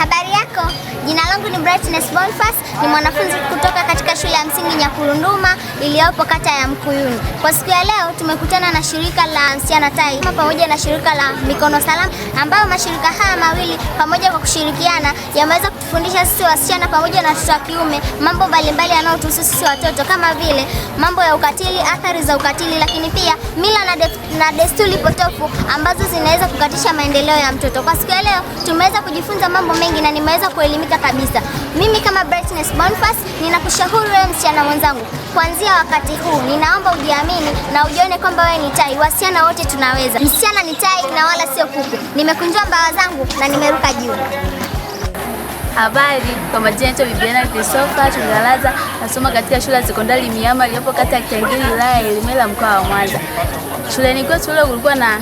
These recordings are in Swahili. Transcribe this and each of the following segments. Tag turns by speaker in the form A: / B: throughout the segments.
A: Habari yako? Jina langu ni Brightness Bonfas, ni mwanafunzi kutoka katika shule ya msingi Nyakurunduma iliyopo kata ya Mkuyuni. Kwa siku ya leo tumekutana na shirika la Msichana Tai pamoja na shirika la Mikono Salama, ambayo mashirika haya mawili pamoja kwa kushirikiana yameweza kutufundisha sisi wasichana pamoja na watoto wa kiume mambo mbalimbali yanayotuhusu sisi watoto kama vile mambo ya ukatili, athari za ukatili, lakini pia mila na, def, na desturi potofu ambazo zinaweza kukatisha maendeleo ya mtoto. Kwa siku ya leo tumeweza kujifunza mambo mengi na nimeweza kuelimika kabisa. Mimi kama Brightness Bonfas ninakushauri wewe msichana mwenzangu, kuanzia wakati huu ninaomba ujiamini na ujione kwamba wewe ni tai. Wasichana wote tunaweza. Msichana ni tai na wala sio kuku. Nimekunjua mbawa zangu na nimeruka juu.
B: Habari, kwa majina yetu Bibiana Kristofa Tungalaza, nasoma katika shule ya sekondari Miama iliyopo kata ya Kitangiri, wilaya ya Ilemela, mkoa wa Mwanza. Shuleni kwetu leo kulikuwa na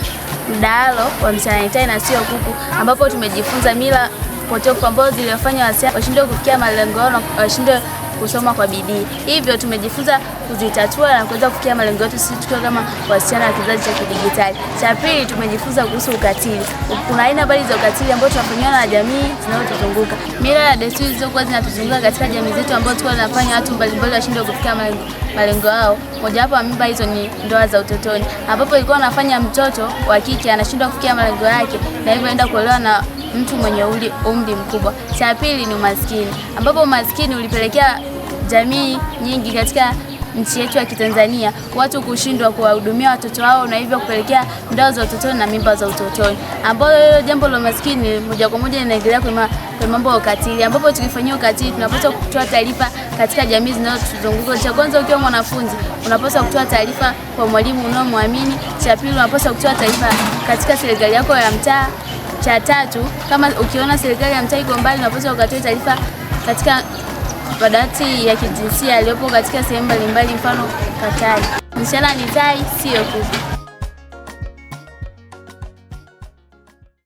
B: mdahalo wa msichana ni tai na sio kuku, ambapo tumejifunza mila potofu ambazo ziliwafanya wasichana washindwe kufikia malengo yao na washindwe kusoma kwa bidii. Hivyo tumejifunza kuzitatua na kuweza kufikia malengo yetu sisi tukiwa kama wasichana wa kizazi cha kidijitali. Cha pili, tumejifunza kuhusu ukatili. Kuna aina mbali za ukatili ambao tunafanyiwa na jamii zinazotuzunguka. Mila na desturi zilizokuwa zinatuzunguka katika jamii zetu ambao tulikuwa zinafanya watu mbalimbali washindwe kufikia malengo malengo yao. Mojawapo wa mimba hizo ni ndoa za utotoni, ambapo ilikuwa anafanya mtoto wa kike anashindwa kufikia malengo yake na hivyo aenda kuolewa na mtu mwenye umri mkubwa. Cha pili ni umaskini, ambapo umaskini ulipelekea jamii nyingi katika nchi yetu ya Kitanzania watu kushindwa kuwahudumia watoto wao na hivyo kupelekea ndoa za utotoni na mimba za utotoni, ambapo hilo jambo la umaskini moja kwa moja linaendelea kwa mambo ya ukatili, ambapo tukifanyia ukatili tunapaswa kutoa taarifa katika jamii zinazotuzunguka. Cha kwanza, ukiwa mwanafunzi unapaswa kutoa taarifa kwa mwalimu unaomwamini. Cha pili, unapaswa kutoa taarifa katika serikali yako ya mtaa cha tatu, kama ukiona serikali ya mtaa iko mbali, unapaswa ukatoe taarifa katika madawati ya kijinsia yaliyopo katika sehemu mbalimbali, mfano Katari. Mishahara ni tai, sio kuku.